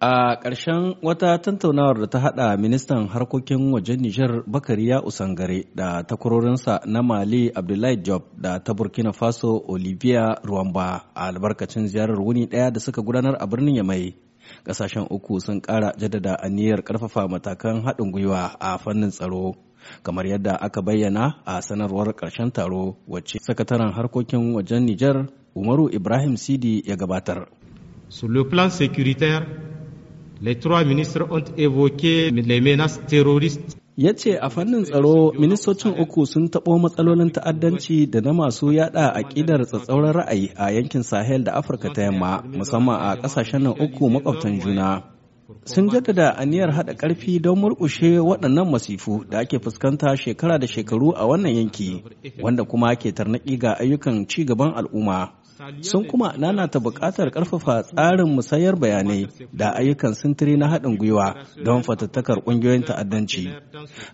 A ƙarshen wata tantaunawar da ta haɗa ministan harkokin wajen Nijar Bakariya Usangare da takwarorinsa na Mali Abdullahi Job da ta Burkina Faso Olivia Ruwamba a albarkacin ziyarar wuni ɗaya da suka gudanar a birnin ya mai, Ƙasashen uku sun ƙara jaddada aniyar ƙarfafa matakan haɗin gwiwa a fannin tsaro. kamar yadda aka bayyana a sanarwar ƙarshen taro wacce sakataren harkokin wajen Nijar Umaru Ibrahim Sidi ya gabatar. Sur le plan sécuritaire, Les trois ministres ont évoqué les menaces terroristes. ya ce a fannin tsaro ministocin uku sun taɓo matsalolin ta'addanci da na masu yada aƙidar tsatsauran ra'ayi a yankin sahel da afirka ta yamma musamman a ƙasashen nan uku makwabtan juna sun jaddada aniyar haɗa ƙarfi don murƙushe waɗannan masifu da ake fuskanta shekara da shekaru a wannan yanki wanda kuma ke tarnaƙi ga ayyukan ci gaban al'umma sun kuma ta buƙatar ƙarfafa tsarin musayar bayanai da ayyukan sintiri na haɗin gwiwa don fatattakar ƙungiyoyin ta'addanci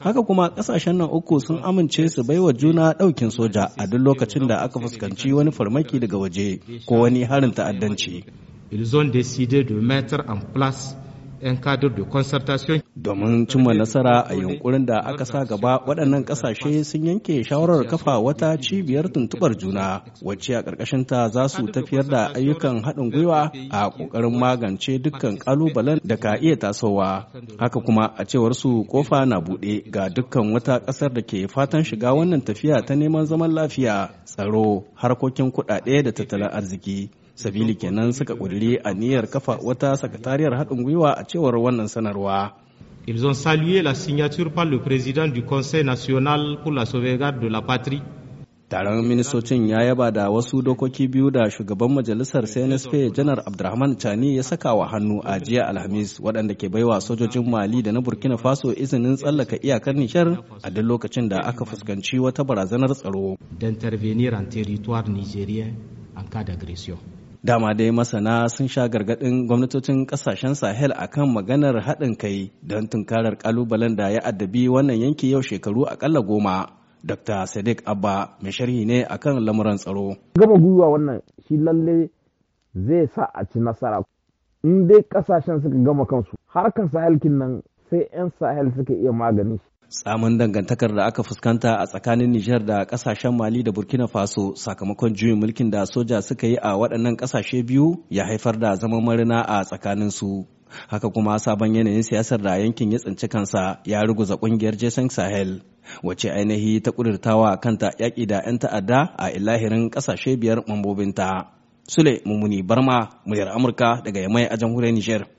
haka kuma ƙasashen nan uku sun amince su bai wa juna ɗaukin soja a duk lokacin da aka fuskanci wani farmaki daga waje ko wani harin ta'addanci Ils ont décidé de mettre en place 'yan kadir da concertation. Domin cimma nasara a yunkurin da aka sa gaba waɗannan ƙasashe sun yanke shawarar kafa wata cibiyar tuntuɓar juna wacce a ƙarƙashinta za su tafiyar da ayyukan haɗin gwiwa a ƙoƙarin magance dukkan ƙalubalen da ka iya tasowa. Haka kuma a cewar su kofa na buɗe ga dukkan wata ƙasar da ke fatan shiga wannan tafiya ta neman zaman lafiya, tsaro, harkokin kuɗaɗe da tattalin arziki. sabili kenan suka a niyyar kafa wata sakatariyar haɗin gwiwa a cewar wannan sanarwa Ils ont salué la signature par le président du Conseil national pour la sauvegarde de la patrie taron ministocin ya yaba da wasu dokoki biyu da shugaban majalisar cnsp janar abdurrahman chani ya saka wa hannu a jiya alhamis waɗanda ke baiwa sojojin mali da na burkina faso izinin tsallaka iyakar Nijar a duk lokacin da aka fuskanci wata barazanar tsaro d'intervenir en territoire nigérien en cas d'agression Dama dai masana sun sha gargadin gwamnatocin kasashen Sahel akan maganar haɗin kai don tunkarar kalubalen da ya addabi wannan yanki yau shekaru akalla goma. Dr. Sadiq Abba mai sharhi ne akan lamuran tsaro. Gaba gwiwa wannan shi lalle zai sa a ci nasara. In dai ƙasashen suka gama kansu, harkar Sahel kin nan sai 'yan Sahel suka iya magani. tsamin dangantakar da aka fuskanta a tsakanin Nijar da kasashen Mali da Burkina Faso sakamakon juyin mulkin da soja suka yi a waɗannan kasashe biyu ya haifar da zaman marina a tsakanin su. Haka kuma sabon yanayin siyasar da yankin ya tsinci kansa ya ruguza ƙungiyar Jason Sahel. Wace ainihi ta ƙudurtawa kanta yaƙi da 'yan ta'adda a ilahirin ƙasashe biyar mambobinta. Sule Mumuni Barma, muryar Amurka daga Yamai a jamhuriyar Nijar.